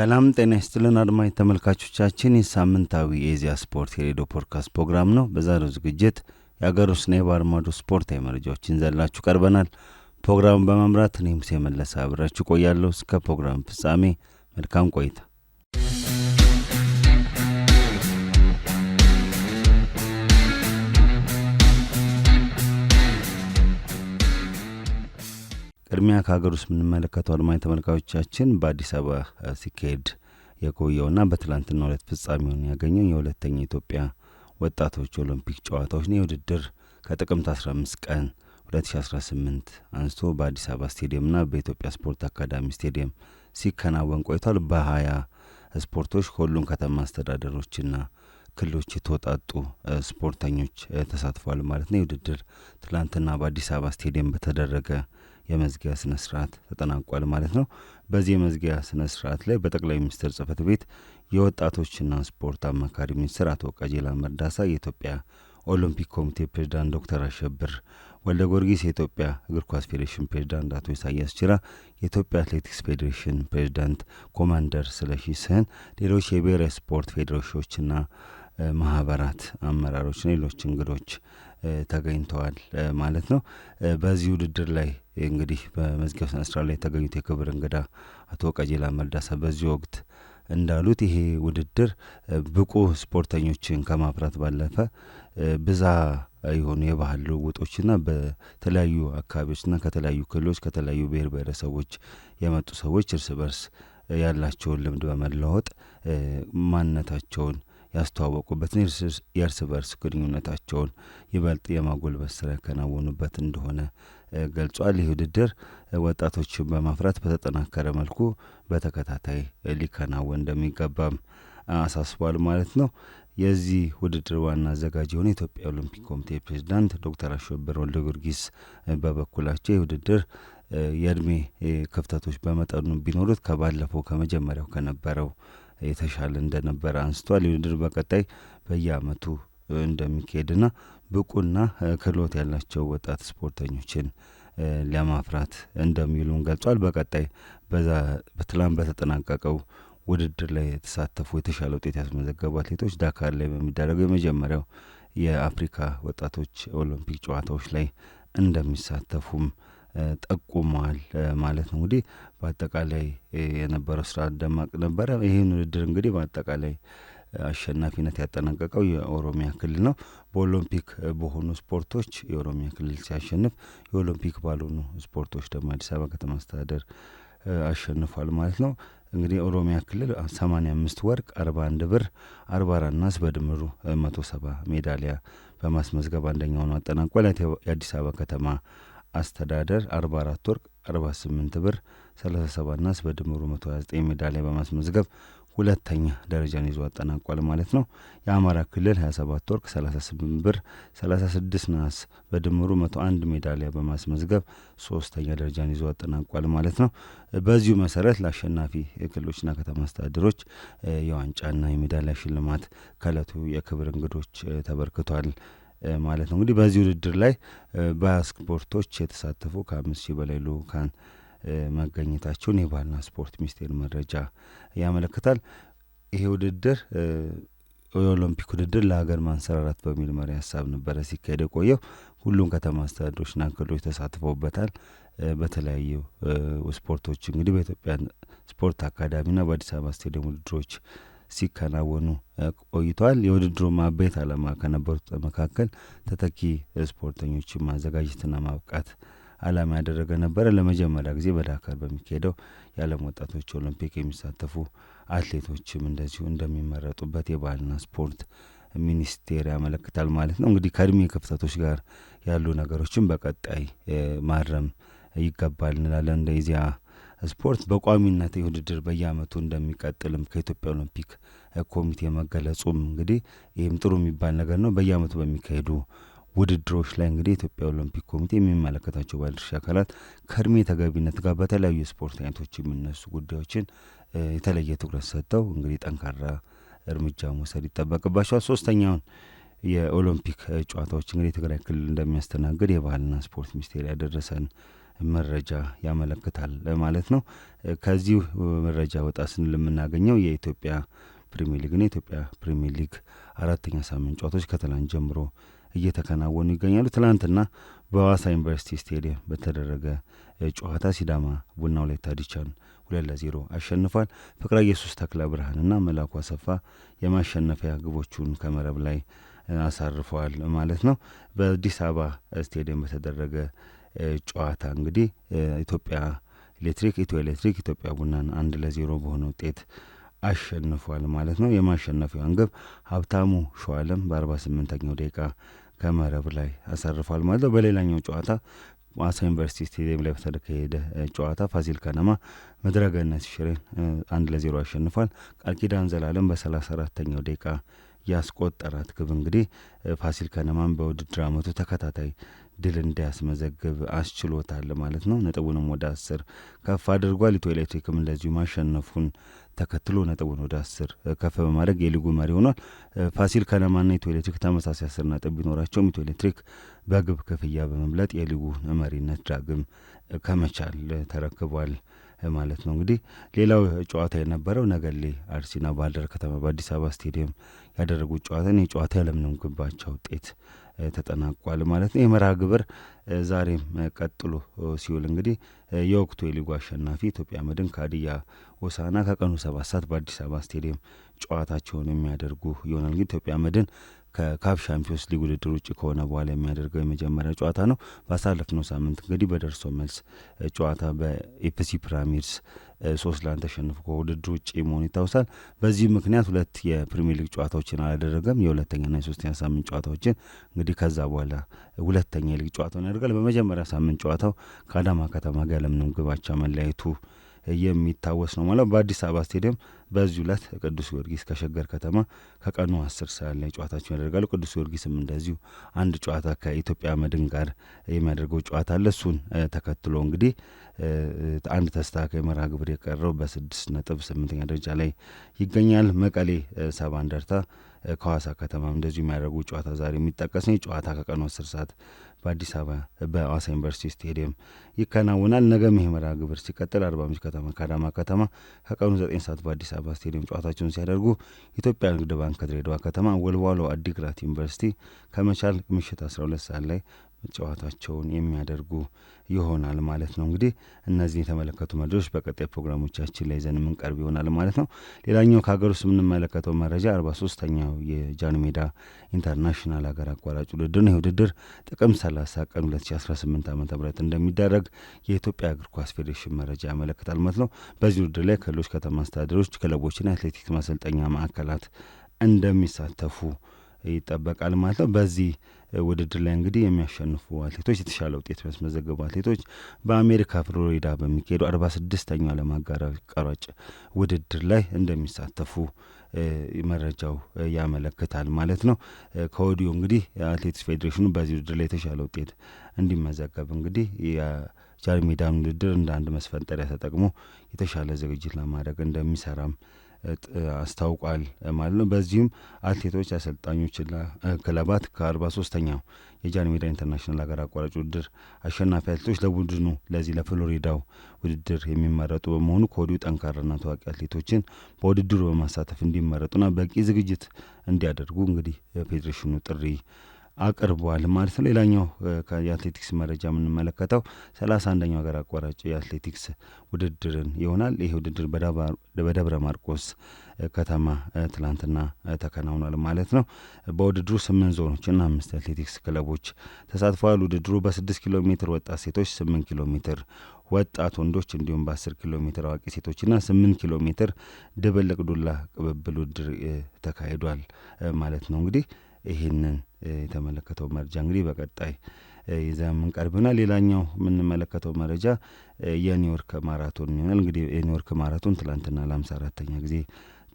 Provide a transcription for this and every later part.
ሰላም ጤና ይስጥልን አድማጭ ተመልካቾቻችን፣ የሳምንታዊ የኢዜአ ስፖርት የሬዲዮ ፖድካስት ፕሮግራም ነው። በዛሬው ዝግጅት የአገር ውስጥና የባህር ማዶ ስፖርታዊ መረጃዎችን ዘላችሁ ቀርበናል። ፕሮግራሙን በመምራት እኔ ሙሴ መለሰ አብራችሁ ቆያለሁ። እስከ ፕሮግራም ፍጻሜ መልካም ቆይታ ቅድሚያ ከሀገር ውስጥ የምንመለከተው አድማኝ ተመልካዮቻችን በአዲስ አበባ ሲካሄድ የቆየውና በትላንትና ሁለት ፍጻሜውን ያገኘው የሁለተኛ ኢትዮጵያ ወጣቶች ኦሎምፒክ ጨዋታዎች ነው። የውድድር ከጥቅምት 15 ቀን 2018 አንስቶ በአዲስ አበባ ስቴዲየምና በኢትዮጵያ ስፖርት አካዳሚ ስቴዲየም ሲከናወን ቆይቷል። በሀያ ስፖርቶች ከሁሉም ከተማ አስተዳደሮችና ክልሎች የተወጣጡ ስፖርተኞች ተሳትፏል ማለት ነው። የውድድር ትላንትና በአዲስ አበባ ስቴዲየም በተደረገ የመዝጊያ ስነ ስርዓት ተጠናቋል ማለት ነው። በዚህ የመዝጊያ ስነ ስርዓት ላይ በጠቅላይ ሚኒስትር ጽህፈት ቤት የወጣቶችና ስፖርት አማካሪ ሚኒስትር አቶ ቀጀላ መርዳሳ፣ የኢትዮጵያ ኦሎምፒክ ኮሚቴ ፕሬዚዳንት ዶክተር አሸብር ወልደ ጊዮርጊስ፣ የኢትዮጵያ እግር ኳስ ፌዴሬሽን ፕሬዚዳንት አቶ ኢሳያስ ችራ፣ የኢትዮጵያ አትሌቲክስ ፌዴሬሽን ፕሬዚዳንት ኮማንደር ስለሺ ስህን፣ ሌሎች የብሔራዊ ስፖርት ፌዴሬሽኖችና ማህበራት አመራሮች ሌሎች እንግዶች ተገኝተዋል ማለት ነው። በዚህ ውድድር ላይ እንግዲህ በመዝጊያው ስነ ስርዓት ላይ የተገኙት የክብር እንግዳ አቶ ቀጀላ መርዳሳ በዚህ ወቅት እንዳሉት ይሄ ውድድር ብቁ ስፖርተኞችን ከማፍራት ባለፈ ብዛ የሆኑ የባህል ልውውጦችና በተለያዩ አካባቢዎችና ከተለያዩ ክልሎች ከተለያዩ ብሔር ብሔረሰቦች የመጡ ሰዎች እርስ በርስ ያላቸውን ልምድ በመለወጥ ማንነታቸውን ያስተዋወቁበትን የእርስ በርስ ግንኙነታቸውን ይበልጥ የማጎልበት ስራ ያከናወኑበት እንደሆነ ገልጿል። ይህ ውድድር ወጣቶችን በማፍራት በተጠናከረ መልኩ በተከታታይ ሊከናወን እንደሚገባም አሳስቧል ማለት ነው። የዚህ ውድድር ዋና አዘጋጅ የሆነ የኢትዮጵያ ኦሎምፒክ ኮሚቴ ፕሬዚዳንት ዶክተር አሸብር ወልደ ጊዮርጊስ በበኩላቸው ይህ ውድድር የእድሜ ክፍተቶች በመጠኑ ቢኖሩት ከባለፈው ከመጀመሪያው ከነበረው የተሻለ እንደነበረ አንስቷል። ውድድር በቀጣይ በየአመቱ። እንደሚካሄድና ብቁና ክህሎት ያላቸው ወጣት ስፖርተኞችን ለማፍራት እንደሚሉን ገልጿል። በቀጣይ በዛ በትላንት በተጠናቀቀው ውድድር ላይ የተሳተፉ የተሻለ ውጤት ያስመዘገቡ አትሌቶች ዳካር ላይ በሚደረገው የመጀመሪያው የአፍሪካ ወጣቶች ኦሎምፒክ ጨዋታዎች ላይ እንደሚሳተፉም ጠቁመዋል ማለት ነው። እንግዲህ በአጠቃላይ የነበረው ስራ ደማቅ ነበረ። ይህን ውድድር እንግዲህ በአጠቃላይ አሸናፊነት ያጠናቀቀው የኦሮሚያ ክልል ነው። በኦሎምፒክ በሆኑ ስፖርቶች የኦሮሚያ ክልል ሲያሸንፍ፣ የኦሎምፒክ ባልሆኑ ስፖርቶች ደግሞ አዲስ አበባ ከተማ አስተዳደር አሸንፏል ማለት ነው። እንግዲህ ኦሮሚያ ክልል ሰማኒያ አምስት ወርቅ፣ አርባ አንድ ብር፣ አርባ አራት ናስ በድምሩ መቶ ሰባ ሜዳሊያ በማስመዝገብ አንደኛ ሆኖ አጠናቋል። የአዲስ አበባ ከተማ አስተዳደር አርባ አራት ወርቅ፣ አርባ ስምንት ብር፣ ሰላሳ ሰባት ናስ በድምሩ መቶ ሀያ ዘጠኝ ሜዳሊያ በማስመዝገብ ሁለተኛ ደረጃን ይዞ አጠናቋል ማለት ነው። የአማራ ክልል 27 ወርቅ፣ 38 ብር፣ 36 ነሐስ በድምሩ 101 ሜዳሊያ በማስመዝገብ ሶስተኛ ደረጃን ይዞ አጠናቋል ማለት ነው። በዚሁ መሰረት ለአሸናፊ ክልሎችና ከተማ አስተዳደሮች የዋንጫና የሜዳሊያ ሽልማት ከእለቱ የክብር እንግዶች ተበርክቷል ማለት ነው። እንግዲህ በዚህ ውድድር ላይ በስፖርቶች የተሳተፉ ከአምስት ሺህ በላይ ልኡካን መገኘታቸውን የባህልና ስፖርት ሚኒስቴር መረጃ ያመለክታል። ይሄ ውድድር የኦሎምፒክ ውድድር ለሀገር ማንሰራራት በሚል መሪ ሀሳብ ነበረ ሲካሄድ የቆየው። ሁሉም ከተማ አስተዳደሮችና ክልሎች ተሳትፎበታል። በተለያዩ ስፖርቶች እንግዲህ በኢትዮጵያ ስፖርት አካዳሚና በአዲስ አበባ ስቴዲየም ውድድሮች ሲከናወኑ ቆይተዋል። የውድድሩ አበይት ዓላማ ከነበሩት መካከል ተተኪ ስፖርተኞችን ማዘጋጀትና ማብቃት ዓላማ ያደረገ ነበረ። ለመጀመሪያ ጊዜ በዳካር በሚካሄደው የዓለም ወጣቶች ኦሎምፒክ የሚሳተፉ አትሌቶችም እንደዚሁ እንደሚመረጡበት የባህልና ስፖርት ሚኒስቴር ያመለክታል ማለት ነው። እንግዲህ ከእድሜ ክፍተቶች ጋር ያሉ ነገሮችን በቀጣይ ማረም ይገባል እንላለን። እንደ ኢዜአ ስፖርት በቋሚነት የውድድር በየዓመቱ እንደሚቀጥልም ከኢትዮጵያ ኦሎምፒክ ኮሚቴ መገለጹም እንግዲህ ይህም ጥሩ የሚባል ነገር ነው። በየአመቱ በሚካሄዱ ውድድሮች ላይ እንግዲህ የኢትዮጵያ ኦሎምፒክ ኮሚቴ የሚመለከታቸው ባለድርሻ አካላት ከእድሜ ተገቢነት ጋር በተለያዩ የስፖርት አይነቶች የሚነሱ ጉዳዮችን የተለየ ትኩረት ሰጥተው እንግዲህ ጠንካራ እርምጃ መውሰድ ይጠበቅባቸዋል። ሶስተኛውን የኦሎምፒክ ጨዋታዎች እንግዲህ የትግራይ ክልል እንደሚያስተናግድ የባህልና ስፖርት ሚኒስቴር ያደረሰን መረጃ ያመለክታል ማለት ነው። ከዚሁ መረጃ ወጣ ስንል የምናገኘው የኢትዮጵያ ፕሪሚየር ና የኢትዮጵያ ፕሪሚየር ሊግ አራተኛ ሳምንት ጨዋታዎች ከትላንት ጀምሮ እየተከናወኑ ይገኛሉ። ትናንትና በሐዋሳ ዩኒቨርሲቲ ስቴዲየም በተደረገ ጨዋታ ሲዳማ ቡና ወላይታ ዲቻን ሁለት ለዜሮ አሸንፏል። ፍቅረ ኢየሱስ ተክለ ብርሃንና መላኩ አሰፋ የማሸነፊያ ግቦቹን ከመረብ ላይ አሳርፈዋል ማለት ነው። በአዲስ አበባ ስቴዲየም በተደረገ ጨዋታ እንግዲህ ኢትዮጵያ ኤሌክትሪክ ኢትዮ ኤሌክትሪክ ኢትዮጵያ ቡናን አንድ ለዜሮ በሆነ ውጤት አሸንፏል ማለት ነው። የማሸነፊያውን ግብ ሀብታሙ ሸዋለም በ48ኛው ደቂቃ ከመረብ ላይ አሳርፏል ማለት ነው። በሌላኛው ጨዋታ አሳ ዩኒቨርሲቲ ስቴዲየም ላይ በተካሄደ ጨዋታ ፋሲል ከነማ መድረገነት ሽሬን አንድ ለዜሮ አሸንፏል። ቃል ኪዳን ዘላለም በ34ኛው ደቂቃ ያስቆጠራት ግብ እንግዲህ ፋሲል ከነማን በውድድር አመቱ ተከታታይ ድል እንዲያስመዘግብ አስችሎታል ማለት ነው። ነጥቡንም ወደ አስር ከፍ አድርጓል። ኢትዮ ኤሌክትሪክም እንደዚሁ ማሸነፉን ተከትሎ ነጥቡን ወደ አስር ከፍ በማድረግ የሊጉ መሪ ሆኗል። ፋሲል ከነማና ኢትዮ ኤሌክትሪክ ተመሳሳይ አስር ነጥብ ቢኖራቸውም ኢትዮ ኤሌክትሪክ በግብ ክፍያ በመብለጥ የሊጉ መሪነት ዳግም ከመቻል ተረክቧል። ማለት ነው። እንግዲህ ሌላው ጨዋታ የነበረው ነገሌ አርሲና ባህር ከተማ በአዲስ አበባ ስቴዲየም ያደረጉት ጨዋታ ይህ ጨዋታ ያለምንም ግብ ውጤት ተጠናቋል ማለት ነው። የመርሃ ግብር ዛሬም ቀጥሎ ሲውል እንግዲህ የወቅቱ የሊጉ አሸናፊ ኢትዮጵያ መድን ከሀዲያ ሆሳዕና ከቀኑ ሰባት ሰዓት በአዲስ አበባ ስቴዲየም ጨዋታቸውን የሚያደርጉ ይሆናል። እንግዲህ ኢትዮጵያ መድን ከካፍ ሻምፒዮንስ ሊግ ውድድር ውጭ ከሆነ በኋላ የሚያደርገው የመጀመሪያ ጨዋታ ነው። ባሳለፍነው ሳምንት እንግዲህ በደርሶ መልስ ጨዋታ በኤፕሲ ፒራሚድስ ሶስት ለአንድ ተሸንፎ ከውድድር ውጭ መሆኑ ይታወሳል። በዚህ ምክንያት ሁለት የፕሪሚየር ሊግ ጨዋታዎችን አላደረገም። የሁለተኛና የሶስተኛ ሳምንት ጨዋታዎችን እንግዲህ ከዛ በኋላ ሁለተኛ የሊግ ጨዋታውን ያደርጋል። በመጀመሪያ ሳምንት ጨዋታው ከአዳማ ከተማ ጋር ያለምንም ግብ አቻ መለያየቱ የሚታወስ ነው ማለት በአዲስ አበባ ስቴዲየም በዚህ ዕለት ቅዱስ ጊዮርጊስ ከሸገር ከተማ ከቀኑ አስር ሰዓት ላይ ጨዋታቸውን ያደርጋሉ። ቅዱስ ጊዮርጊስም እንደዚሁ አንድ ጨዋታ ከኢትዮጵያ መድን ጋር የሚያደርገው ጨዋታ አለ። እሱን ተከትሎ እንግዲህ አንድ ተስተካካይ መርሃ ግብር የቀረው በስድስት ነጥብ ስምንተኛ ደረጃ ላይ ይገኛል። መቀሌ ሰባ እንደርታ ከዋሳ ከተማም እንደዚሁ የሚያደርጉ ጨዋታ ዛሬ የሚጠቀስ ነው። ጨዋታ ከቀኑ አስር ሰዓት በአዲስ አበባ በአዋሳ ዩኒቨርሲቲ ስቴዲየም ይከናወናል። ነገ ይህ መርሃ ግብር ሲቀጥል አርባ ምንጭ ከተማ ከአዳማ ከተማ ከቀኑ ዘጠኝ ሰዓት በአዲስ አበባ ስቴዲየም ጨዋታቸውን ሲያደርጉ ኢትዮጵያ ንግድ ባንክ ከድሬዳዋ ከተማ፣ ወልዋሎ አዲግራት ዩኒቨርሲቲ ከመቻል ምሽት አስራ ሁለት ሰዓት ላይ ጨዋታቸውን የሚያደርጉ ይሆናል ማለት ነው። እንግዲህ እነዚህን የተመለከቱ መረጃዎች በቀጣይ ፕሮግራሞቻችን ላይ ዘን የምንቀርብ ይሆናል ማለት ነው። ሌላኛው ከሀገር ውስጥ የምንመለከተው መረጃ አርባ ሶስተኛው የጃን ሜዳ ኢንተርናሽናል ሀገር አቋራጭ ውድድር ነው። ይህ ውድድር ጥቅም ሰላሳ ቀን ሁለት ሺ አስራ ስምንት ዓመተ ምህረት እንደሚደረግ የኢትዮጵያ እግር ኳስ ፌዴሬሽን መረጃ ያመለክታል ማለት ነው። በዚህ ውድድር ላይ ክልሎች፣ ከተማ አስተዳደሮች፣ ክለቦችና የአትሌቲክስ ማሰልጠኛ ማዕከላት እንደሚሳተፉ ይጠበቃል ማለት ነው። በዚህ ውድድር ላይ እንግዲህ የሚያሸንፉ አትሌቶች የተሻለ ውጤት ያስመዘገቡ አትሌቶች በአሜሪካ ፍሎሪዳ በሚካሄዱ አርባ ስድስተኛው ዓለም አቋራጭ ውድድር ላይ እንደሚሳተፉ መረጃው ያመለክታል ማለት ነው። ከወዲሁ እንግዲህ አትሌቲክስ ፌዴሬሽኑ በዚህ ውድድር ላይ የተሻለ ውጤት እንዲመዘገብ እንግዲህ የጃንሜዳን ውድድር እንደ አንድ መስፈንጠሪያ ተጠቅሞ የተሻለ ዝግጅት ለማድረግ እንደሚሰራም አስታውቋል ማለት ነው። በዚህም አትሌቶች፣ አሰልጣኞችና ክለባት ከአርባ ሶስተኛው የጃን ሜዳ ኢንተርናሽናል ሀገር አቋራጭ ውድድር አሸናፊ አትሌቶች ለቡድኑ ለዚህ ለፍሎሪዳው ውድድር የሚመረጡ በመሆኑ ከወዲሁ ጠንካራና ታዋቂ አትሌቶችን በውድድሩ በማሳተፍ እንዲመረጡና በቂ ዝግጅት እንዲያደርጉ እንግዲህ የፌዴሬሽኑ ጥሪ አቅርቧል ማለት ነው። ሌላኛው የአትሌቲክስ መረጃ የምንመለከተው ሰላሳ አንደኛው ሀገር አቋራጭ የአትሌቲክስ ውድድርን ይሆናል። ይህ ውድድር በደብረ ማርቆስ ከተማ ትላንትና ተከናውኗል ማለት ነው። በውድድሩ ስምንት ዞኖችና አምስት አትሌቲክስ ክለቦች ተሳትፈዋል። ውድድሩ በስድስት ኪሎ ሜትር ወጣት ሴቶች፣ ስምንት ኪሎ ሜትር ወጣት ወንዶች እንዲሁም በአስር ኪሎ ሜትር አዋቂ ሴቶችና ስምንት ኪሎ ሜትር ድብልቅ ዱላ ቅብብል ውድድር ተካሂዷል ማለት ነው እንግዲህ ይህንን የተመለከተው መረጃ እንግዲህ በቀጣይ ይዘን የምንቀርብና ሌላኛው የምንመለከተው መረጃ የኒውዮርክ ማራቶን ይሆናል። እንግዲህ የኒውዮርክ ማራቶን ትላንትና ለአምሳ አራተኛ ጊዜ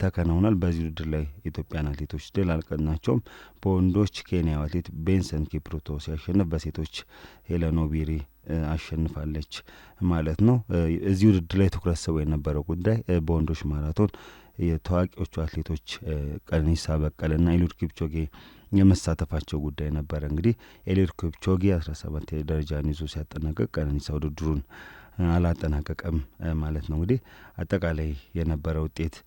ተከናውናል። በዚህ ውድድር ላይ ኢትዮጵያን አትሌቶች ድል አልቀናቸውም። በወንዶች ኬንያው አትሌት ቤንሰን ኪፕሩቶ ሲያሸንፍ፣ በሴቶች ሄለን ኦቢሪ አሸንፋለች ማለት ነው። እዚህ ውድድር ላይ ትኩረት ስቦ የነበረው ጉዳይ በወንዶች ማራቶን የታዋቂዎቹ አትሌቶች ቀነኒሳ በቀለና ኤሊድ ኪፕቾጌ የመሳተፋቸው ጉዳይ ነበረ። እንግዲህ ኤሊድ ኪፕቾጌ አስራ ሰባት ደረጃን ይዞ ሲያጠናቀቅ ቀነኒሳ ውድድሩን አላጠናቀቀም ማለት ነው። እንግዲህ አጠቃላይ የነበረ ውጤት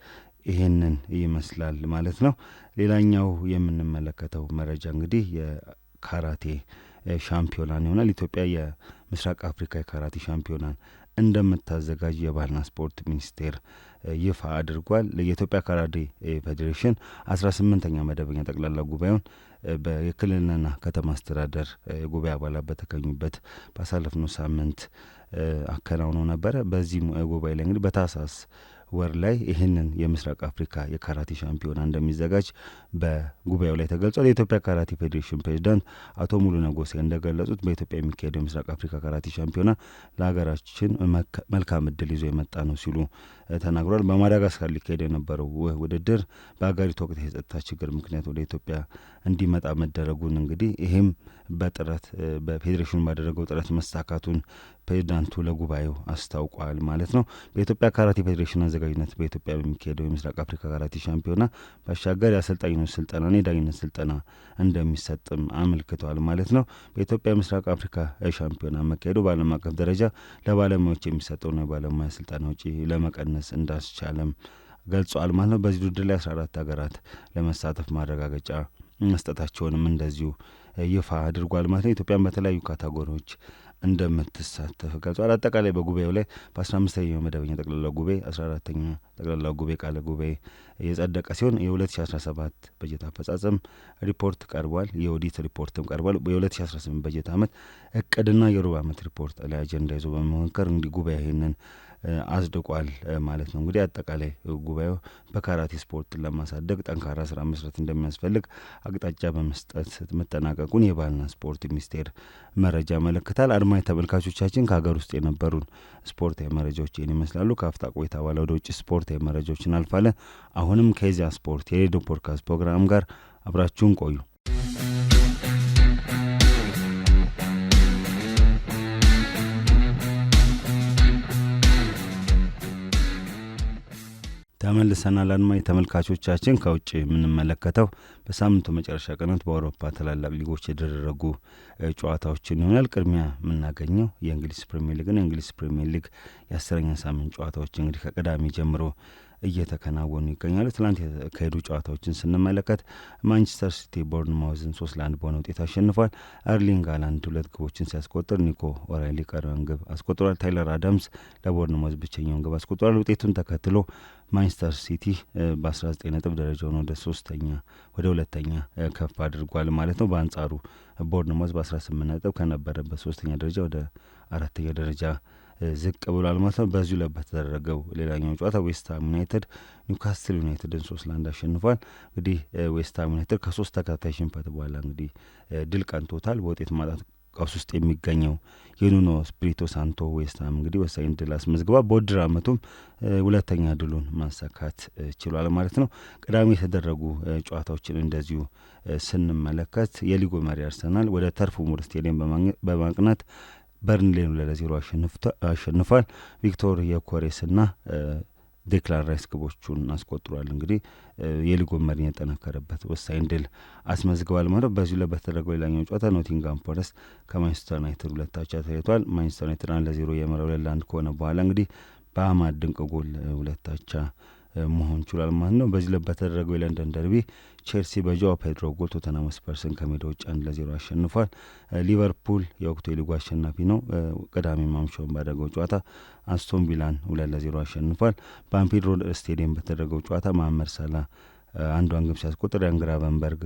ይህንን ይመስላል ማለት ነው። ሌላኛው የምንመለከተው መረጃ እንግዲህ የካራቴ ሻምፒዮናን ይሆናል። ኢትዮጵያ የምስራቅ አፍሪካ የካራቴ ሻምፒዮናን እንደምታዘጋጅ የባህልና ስፖርት ሚኒስቴር ይፋ አድርጓል። የኢትዮጵያ ካራዴ ፌዴሬሽን አስራ ስምንተኛ መደበኛ ጠቅላላ ጉባኤውን የክልልና ከተማ አስተዳደር ጉባኤ አባላት በተገኙበት ባሳለፍነው ሳምንት አከናውነው ነበረ። በዚህም ጉባኤ ላይ እንግዲህ በታህሳስ ወር ላይ ይህንን የምስራቅ አፍሪካ የካራቲ ሻምፒዮና እንደሚዘጋጅ በጉባኤው ላይ ተገልጿል። የኢትዮጵያ ካራቲ ፌዴሬሽን ፕሬዚዳንት አቶ ሙሉ ነጎሴ እንደገለጹት በኢትዮጵያ የሚካሄደው የምስራቅ አፍሪካ ካራቲ ሻምፒዮና ለሀገራችን መልካም እድል ይዞ የመጣ ነው ሲሉ ተናግሯል። በማዳጋስካር ሊካሄድ የነበረው ውድድር በሀገሪቱ ወቅት የጸጥታ ችግር ምክንያት ወደ ኢትዮጵያ እንዲመጣ መደረጉን እንግዲህ ይህም በጥረት በፌዴሬሽኑ ባደረገው ጥረት መሳካቱን ፕሬዚዳንቱ ለጉባኤው አስታውቋል ማለት ነው። በኢትዮጵያ ካራቴ ፌዴሬሽን አዘጋጅነት በኢትዮጵያ በሚካሄደው የምስራቅ አፍሪካ ካራቴ ሻምፒዮና ባሻገር የአሰልጣኝነት ስልጠናና የዳኝነት ስልጠና እንደሚሰጥም አመልክተዋል ማለት ነው። በኢትዮጵያ የምስራቅ አፍሪካ ሻምፒዮና መካሄዱ በዓለም አቀፍ ደረጃ ለባለሙያዎች የሚሰጠውን የባለሙያ ስልጠና ውጪ ለመቀነስ እንዳስቻለም ገልጿል ማለት ነው። በዚህ ውድድር ላይ አስራ አራት ሀገራት ለመሳተፍ ማረጋገጫ መስጠታቸውንም እንደዚሁ ይፋ አድርጓል ማለት ነው። ኢትዮጵያን በተለያዩ ካታጎሪዎች እንደምትሳተፍ ገልጿል። አጠቃላይ በጉባኤው ላይ በ15ኛው መደበኛ ጠቅላላ ጉባኤ 14ኛ ጠቅላላ ጉባኤ ቃለ ጉባኤ የጸደቀ ሲሆን የ2017 በጀት አፈጻጸም ሪፖርት ቀርቧል። የኦዲት ሪፖርትም ቀርቧል። የ2018 በጀት ዓመት እቅድና የሩብ ዓመት ሪፖርት ላይ አጀንዳ ይዞ በመመከር እንዲህ ጉባኤ ይህንን አጽድቋል ማለት ነው። እንግዲህ አጠቃላይ ጉባኤው በካራቴ ስፖርትን ለማሳደግ ጠንካራ ስራ መስራት እንደሚያስፈልግ አቅጣጫ በመስጠት መጠናቀቁን የባህልና ስፖርት ሚኒስቴር መረጃ ያመለክታል። አድማጭ ተመልካቾቻችን ከሀገር ውስጥ የነበሩን ስፖርታዊ መረጃዎች ይህን ይመስላሉ። ከአፍታ ቆይታ በኋላ ወደ ውጭ ስፖርታዊ መረጃዎችን አልፋለን። አሁንም ከዚያ ስፖርት የሬዲዮ ፖድካስት ፕሮግራም ጋር አብራችሁን ቆዩ። ተመልሰናል አድማጭ ተመልካቾቻችን። ከውጭ የምንመለከተው በሳምንቱ መጨረሻ ቀናት በአውሮፓ ታላላቅ ሊጎች የተደረጉ ጨዋታዎችን ይሆናል። ቅድሚያ የምናገኘው የእንግሊዝ ፕሪሚየር ሊግና የእንግሊዝ ፕሪሚየር ሊግ የአስረኛ ሳምንት ጨዋታዎች እንግዲህ ከቅዳሜ ጀምሮ እየተከናወኑ ይገኛሉ። ትናንት የተካሄዱ ጨዋታዎችን ስንመለከት ማንቸስተር ሲቲ ቦርንማውዝን ሶስት ለአንድ በሆነ ውጤት አሸንፏል። አርሊንግ አላንድ ሁለት ግቦችን ሲያስቆጥር ኒኮ ኦራይሊ ቀሪውን ግብ አስቆጥሯል። ታይለር አዳምስ ለቦርንማውዝ ብቸኛውን ግብ አስቆጥሯል። ውጤቱን ተከትሎ ማንቸስተር ሲቲ በ19 ነጥብ ደረጃውን ወደ ሶስተኛ ወደ ሁለተኛ ከፍ አድርጓል ማለት ነው። በአንጻሩ ቦርንማውዝ በ18 ነጥብ ከነበረበት ሶስተኛ ደረጃ ወደ አራተኛ ደረጃ ዝቅ ብሏል ማለት ነው። በዚሁ ላይ በተደረገው ሌላኛው ጨዋታ ዌስትሃም ዩናይትድ ኒውካስትል ዩናይትድን ሶስት ለአንድ አሸንፏል። እንግዲህ ዌስትሃም ዩናይትድ ከሶስት ተከታታይ ሽንፈት በኋላ እንግዲህ ድል ቀንቶታል። በውጤት ማጣት ቀውስ ውስጥ የሚገኘው የኑኖ ስፕሪቶ ሳንቶ ዌስትሃም እንግዲህ ወሳኝ ድል አስመዝግባ በውድድር ዓመቱም ሁለተኛ ድሉን ማሳካት ችሏል ማለት ነው። ቅዳሜ የተደረጉ ጨዋታዎችን እንደዚሁ ስንመለከት የሊጉ መሪ አርሰናል ወደ ተርፉ ሙር ስቴዲየም በማቅናት በርንሌን ለለዜሮ አሸንፏል። ቪክቶር የኮሬስና ዴክላን ራይስ ግቦቹን አስቆጥሯል። እንግዲህ የሊጉን መሪ የጠነከረበት ወሳኝ ድል አስመዝግቧል ማለት በዚሁ ላይ በተደረገው ሌላኛው ጨዋታ ኖቲንጋም ፎረስት ከማንቸስተር ዩናይትድ ሁለት አቻ ተለያይቷል። ማንቸስተር ዩናይትድ አንድ ለዜሮ የመራው ለአንድ ከሆነ በኋላ እንግዲህ በአማድ ድንቅ ጎል ሁለት አቻ መሆን ችሏል ማለት ነው። በዚህ ዕለት በተደረገው የለንደን ደርቢ ቼልሲ በጃዋ ፔድሮ ጎል ቶተንሃም ስፐርስን ከሜዳ ውጭ አንድ ለዜሮ አሸንፏል። ሊቨርፑል የወቅቱ የሊጉ አሸናፊ ነው። ቅዳሜ ማምሻውን ባደረገው ጨዋታ አስቶን ቪላን ሁለት ለዜሮ አሸንፏል። በአንፊልድ ሮድ ስቴዲየም በተደረገው ጨዋታ ማመር ሰላ አንዷን ግብ ሲያስቆጥር ያን ግራቨንበርግ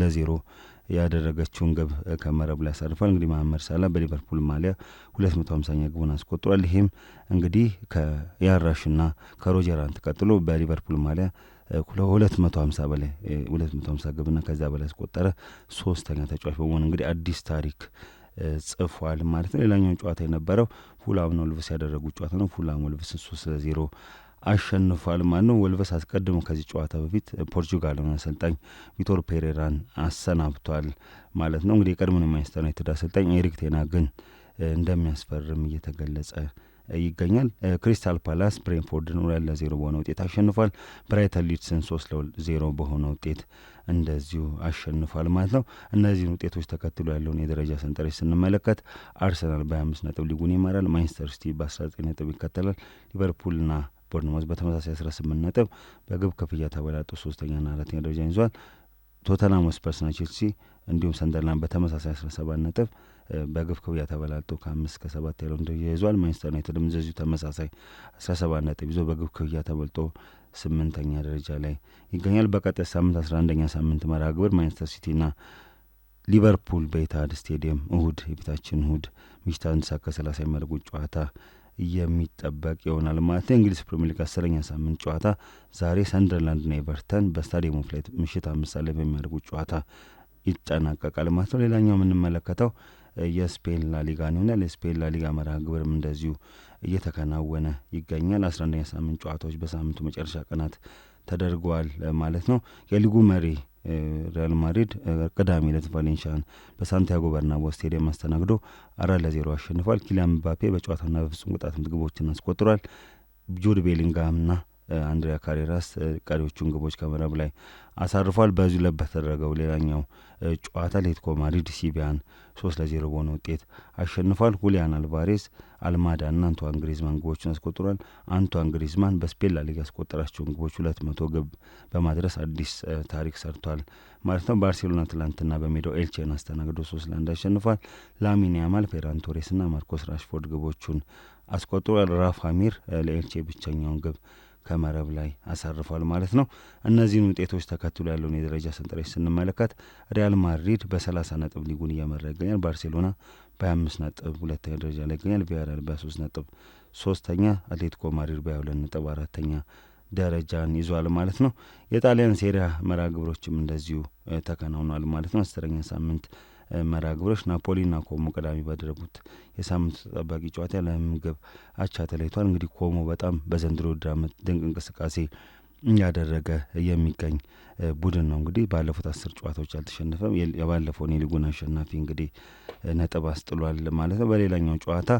ለዜሮ ያደረገችውን ግብ ከመረብ ላይ አሳርፏል። እንግዲህ መሐመድ ሳላ በሊቨርፑል ማሊያ ሁለት መቶ ሀምሳኛ ግቡን አስቆጥሯል። ይህም እንግዲህ ከያራሽና ከሮጀራን ተቀጥሎ በሊቨርፑል ማሊያ ሁለት መቶ ሀምሳ በላይ ሁለት መቶ ሀምሳ ግብና ከዚያ በላይ ያስቆጠረ ሶስተኛ ተጫዋች በመሆን እንግዲህ አዲስ ታሪክ ጽፏል ማለት ነው። ሌላኛውን ጨዋታ የነበረው ፉላም ነው ልብስ ያደረጉት ጨዋታ ነው። ፉላም ልብስ ሶስት ለዜሮ አሸንፏል ማለት ነው። ወልቨስ አስቀድሞ ከዚህ ጨዋታ በፊት ፖርቹጋልን አሰልጣኝ ቪቶር ፔሬራን አሰናብቷል ማለት ነው። እንግዲህ የቀድሞ የማንቸስተር ዩናይትድ አሰልጣኝ ኤሪክ ቴና ግን እንደሚያስፈርም እየተገለጸ ይገኛል። ክሪስታል ፓላስ ብሬንፎርድን ሁለት ለዜሮ በሆነ ውጤት አሸንፏል። ብራይተን ሊድስን ሶስት ለዜሮ በሆነ ውጤት እንደዚሁ አሸንፏል ማለት ነው። እነዚህን ውጤቶች ተከትሎ ያለውን የደረጃ ሰንጠረዥ ስንመለከት አርሰናል በ25 ነጥብ ሊጉን ይመራል። ማንቸስተር ሲቲ በ19 ነጥብ ይከተላል። ሊቨርፑልና ቦርንማውዝ በተመሳሳይ አስራ ስምንት ነጥብ በግብ ክፍያ ተበላልጦ ሶስተኛና አራተኛ ደረጃን ይዟል። ቶተናም ስፐርስና ቼልሲ እንዲሁም ሰንደርላንድ በተመሳሳይ አስራ ሰባት ነጥብ በግብ ክፍያ ተበላልጦ ከአምስት ከሰባት ያለውን ደረጃ ይዟል። ማንቸስተር ዩናይትድም እንደዚሁ ተመሳሳይ አስራ ሰባት ነጥብ ይዞ በግብ ክፍያ ተበልጦ ስምንተኛ ደረጃ ላይ ይገኛል። በቀጣይ ሳምንት አስራ አንደኛ ሳምንት መርሃ ግብር ማንቸስተር ሲቲና ሊቨርፑል በኢታድ ስቴዲየም እሁድ የፊታችን እሁድ ምሽት አንድ ሰዓት ከሰላሳ የሚያደርጉት ጨዋታ የሚጠበቅ ይሆናል ማለት ነው። እንግሊዝ ፕሪሚየር ሊግ አስረኛ ሳምንት ጨዋታ ዛሬ ሰንደርላንድና ኤቨርተን በስታዲየም ኦፍ ላይት ምሽት አምስት ሰዓት ላይ በሚያደርጉት ጨዋታ ይጠናቀቃል ማለት ነው። ሌላኛው የምንመለከተው የስፔን ላሊጋን ይሆናል። የስፔን ላሊጋ መርሃ ግብርም እንደዚሁ እየተከናወነ ይገኛል። አስራ አንደኛ ሳምንት ጨዋታዎች በሳምንቱ መጨረሻ ቀናት ተደርገዋል ማለት ነው። የሊጉ መሪ ሪያል ማድሪድ ቅዳሜ ዕለት ቫሌንሺያን በሳንቲያጎ በርናቦ ስቴዲየም አስተናግዶ አራት ለዜሮ አሸንፏል። ኪሊያን ምባፔ በጨዋታና በፍጹም ቅጣት ምት ግቦችን አስቆጥሯል። ጁድ ቤሊንግሃምና አንድሪያ ካሬራስ ቀሪዎቹን ግቦች ከመረብ ላይ አሳርፏል። በዚሁ ለብ በተደረገው ሌላኛው ጨዋታ አትሌቲኮ ማድሪድ ሲቢያን ሶስት ለዜሮ በሆነ ውጤት አሸንፏል። ሁሊያን አልቫሬስ፣ አልማዳ ና አንቷን ግሪዝማን ግቦችን አስቆጥሯል። አንቷን ግሪዝማን በስፔን ላሊግ ያስቆጠራቸውን ግቦች ሁለት መቶ ግብ በማድረስ አዲስ ታሪክ ሰርቷል ማለት ነው። ባርሴሎና ትላንትና በሜዳው ኤልቼን አስተናግዶ ሶስት ለአንድ አሸንፏል። ላሚን ያማል፣ ፌራን ቶሬስ ና ማርኮስ ራሽፎርድ ግቦቹን አስቆጥሯል። ራፋ ሚር ለኤልቼ ብቸኛውን ግብ ከመረብ ላይ አሳርፏል ማለት ነው። እነዚህን ውጤቶች ተከትሎ ያለውን የደረጃ ሰንጠረዥ ስንመለከት ሪያል ማድሪድ በ30 ነጥብ ሊጉን እየመራ ይገኛል። ባርሴሎና በ25 ነጥብ ሁለተኛ ደረጃ ላይ ይገኛል። ቪያሪያል በ3 ነጥብ ሶስተኛ፣ አትሌቲኮ ማድሪድ በሁለት ነጥብ አራተኛ ደረጃን ይዟል ማለት ነው። የጣሊያን ሴሪያ መርሃ ግብሮችም እንደዚሁ ተከናውኗል ማለት ነው። አስረኛ ሳምንት መርሃ ግብሮች ናፖሊና ኮሞ ቅዳሜ ባደረጉት የሳምንቱ ተጠባቂ ጨዋታ ለምግብ አቻ ተለይቷል። እንግዲህ ኮሞ በጣም በዘንድሮ ውድድር ዓመት ድንቅ እንቅስቃሴ ያደረገ የሚገኝ ቡድን ነው። እንግዲህ ባለፉት አስር ጨዋታዎች አልተሸነፈም። የባለፈውን የሊጉን አሸናፊ እንግዲህ ነጥብ አስጥሏል ማለት ነው። በሌላኛው ጨዋታ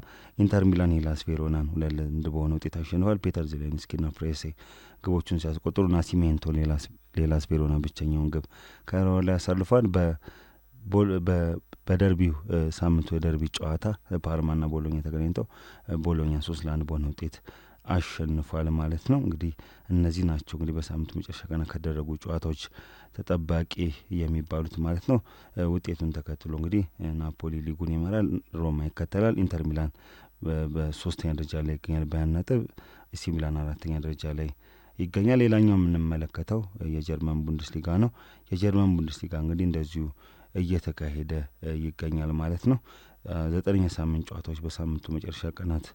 ኢንተር ሚላን ሄላስ ቬሮናን ሁለት ለአንድ በሆነ ውጤት አሸንፏል። ፔተር ዜሌንስኪና ፍሬሴ ግቦቹን ሲያስቆጥሩ ናሲሜንቶ ሌላስ ቬሮና ብቸኛውን ግብ ከሮላ ያሳልፏል። በ በደርቢው ሳምንቱ የደርቢ ጨዋታ ፓርማና ቦሎኛ ተገናኝተው ቦሎኛ ሶስት ለአንድ በሆነ ውጤት አሸንፏል ማለት ነው። እንግዲህ እነዚህ ናቸው እንግዲህ በሳምንቱ መጨረሻ ቀን ከደረጉ ጨዋታዎች ተጠባቂ የሚባሉት ማለት ነው። ውጤቱን ተከትሎ እንግዲህ ናፖሊ ሊጉን ይመራል፣ ሮማ ይከተላል፣ ኢንተር ሚላን በሶስተኛ ደረጃ ላይ ይገኛል በ ነጥብ፣ ኤሲ ሚላን አራተኛ ደረጃ ላይ ይገኛል። ሌላኛው የምንመለከተው የጀርመን ቡንደስሊጋ ነው። የጀርመን ቡንደስሊጋ እንግዲህ እንደዚሁ እየተካሄደ ይገኛል ማለት ነው። ዘጠነኛ ሳምንት ጨዋታዎች በሳምንቱ መጨረሻ ቀናት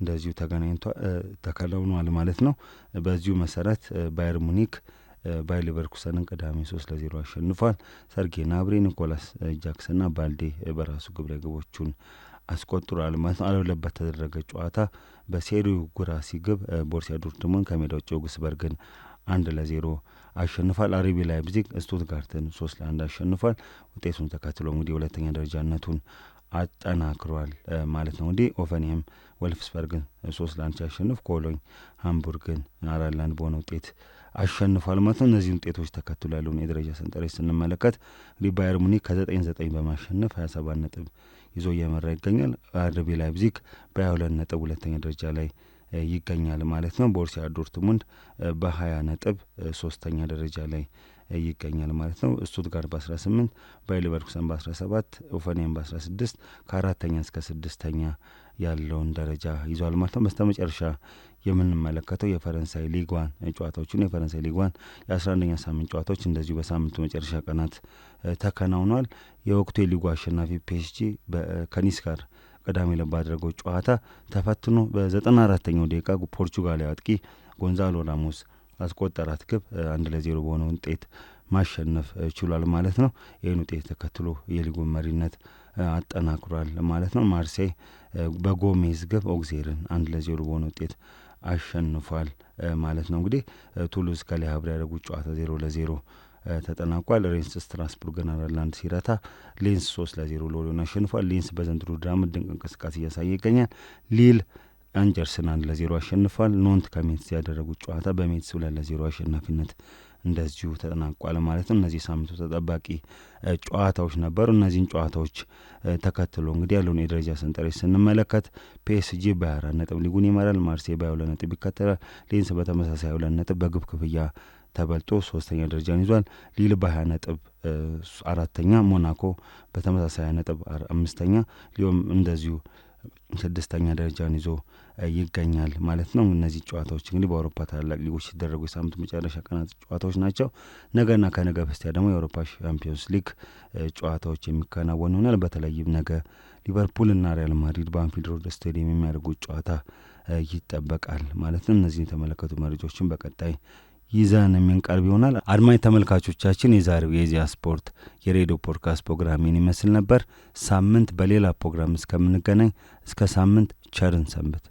እንደዚሁ ተገናኝቷ ተከናውኗል ማለት ነው። በዚሁ መሰረት ባየር ሙኒክ ባየር ሊቨርኩሰንን ቅዳሜ ሶስት ለዜሮ አሸንፏል። ሰርጌ ናብሬ፣ ኒኮላስ ጃክስና ባልዴ በራሱ ግብረ ግቦቹን አስቆጥሯል ማለት ነው። አለብ ተደረገ ጨዋታ በሴሪው ጉራሲ ግብ ቦርሲያ ዶርትሙን ከሜዳ ውጭ ውግስበርግን አንድ ለዜሮ አሸንፏል። አርቢ ላይፕዚግ ስቱትጋርትን ሶስት ለአንድ አሸንፏል። ውጤቱን ተከትሎ እንግዲህ ሁለተኛ ደረጃነቱን አጠናክሯል ማለት ነው። እንዲህ ኦፈንሄም ወልፍስበርግን ሶስት ለአንድ ሲያሸንፍ ኮሎኝ ሃምቡርግን አራት ለአንድ በሆነ ውጤት አሸንፏል ማለት ነው። እነዚህ ውጤቶች ተከትሎ ያለውን የደረጃ ሰንጠረዥ ስንመለከት እንግዲህ ባየር ሙኒክ ከዘጠኝ ዘጠኝ በማሸነፍ ሀያ ሰባት ነጥብ ይዞ እየመራ ይገኛል። አርቢ ላይፕዚግ በሀያ ሁለት ነጥብ ሁለተኛ ደረጃ ላይ ይገኛል ማለት ነው። ቦርሲያ ዶርትሙንድ በሀያ ነጥብ ሶስተኛ ደረጃ ላይ ይገኛል ማለት ነው። ስቱትጋርት በ18 ባየር ሌቨርኩሰን በ17 ኦፈንሃይም በ16 ከአራተኛ እስከ ስድስተኛ ያለውን ደረጃ ይዟል ማለት ነው። በስተመጨረሻ የምንመለከተው የፈረንሳይ ሊጓን ጨዋታዎችን የፈረንሳይ ሊጓን የ11ኛ ሳምንት ጨዋታዎች እንደዚሁ በሳምንቱ መጨረሻ ቀናት ተከናውኗል። የወቅቱ የሊጉ አሸናፊ ፒኤስጂ ከኒስ ጋር ቅዳሜ ዕለት ባደረገው ጨዋታ ተፈትኖ በዘጠና አራተኛው ደቂቃ ፖርቹጋል አጥቂ ጎንዛሎ ራሞስ አስቆጠራት ግብ አንድ ለዜሮ በሆነ ውጤት ማሸነፍ ችሏል ማለት ነው። ይህን ውጤት ተከትሎ የሊጉን መሪነት አጠናክሯል ማለት ነው። ማርሴይ በጎሜዝ ግብ ኦግዜርን አንድ ለዜሮ በሆነ ውጤት አሸንፏል ማለት ነው። እንግዲህ ቱሉዝ ከላይ ያደረጉት ጨዋታ ዜሮ ለዜሮ ተጠናቋል። ሬንስ ስትራስቡርግን አራት ለአንድ ሲረታ ሌንስ ሶስት ለዜሮ ሎሪዮን አሸንፏል። ሌንስ በዘንድሮ ድራም ድንቅ እንቅስቃሴ እያሳየ ይገኛል። ሊል አንጀርስን አንድ ለዜሮ አሸንፏል። ኖንት ከሜትስ ያደረጉት ጨዋታ በሜትስ ሁለት ለዜሮ አሸናፊነት እንደዚሁ ተጠናቋል ማለት ነው። እነዚህ ሳምንቱ ተጠባቂ ጨዋታዎች ነበሩ። እነዚህን ጨዋታዎች ተከትሎ እንግዲህ ያለውን የደረጃ ሰንጠረዥ ስንመለከት ፒኤስጂ በ24 ነጥብ ሊጉን ይመራል። ማርሴይ በ22 ነጥብ ይከተላል። ሌንስ በተመሳሳይ 22 ነጥብ በግብ ክፍያ ተበልጦ ሶስተኛ ደረጃን ይዟል። ሊል በሀያ ነጥብ አራተኛ፣ ሞናኮ በተመሳሳይ ነጥብ አምስተኛ፣ ሊዮም እንደዚሁ ስድስተኛ ደረጃን ይዞ ይገኛል ማለት ነው። እነዚህ ጨዋታዎች እንግዲህ በአውሮፓ ታላላቅ ሊጎች ሲደረጉ የሳምንቱ መጨረሻ ቀናት ጨዋታዎች ናቸው። ነገና ከነገ በስቲያ ደግሞ የአውሮፓ ሻምፒዮንስ ሊግ ጨዋታዎች የሚከናወኑ ይሆናል። በተለይም ነገ ሊቨርፑልና ሪያል ማድሪድ በአንፊልድ ሮድ ስቴዲየም የሚያደርጉት ጨዋታ ይጠበቃል ማለት ነው። እነዚህን የተመለከቱ መረጃዎችን በቀጣይ ይዘን የምንቀርብ ይሆናል። አድማኝ ተመልካቾቻችን የዛሬው የኢዜአ ስፖርት የሬዲዮ ፖድካስት ፕሮግራሚን ይመስል ነበር። ሳምንት በሌላ ፕሮግራም እስከምንገናኝ እስከ ሳምንት ቸርን ሰንብት።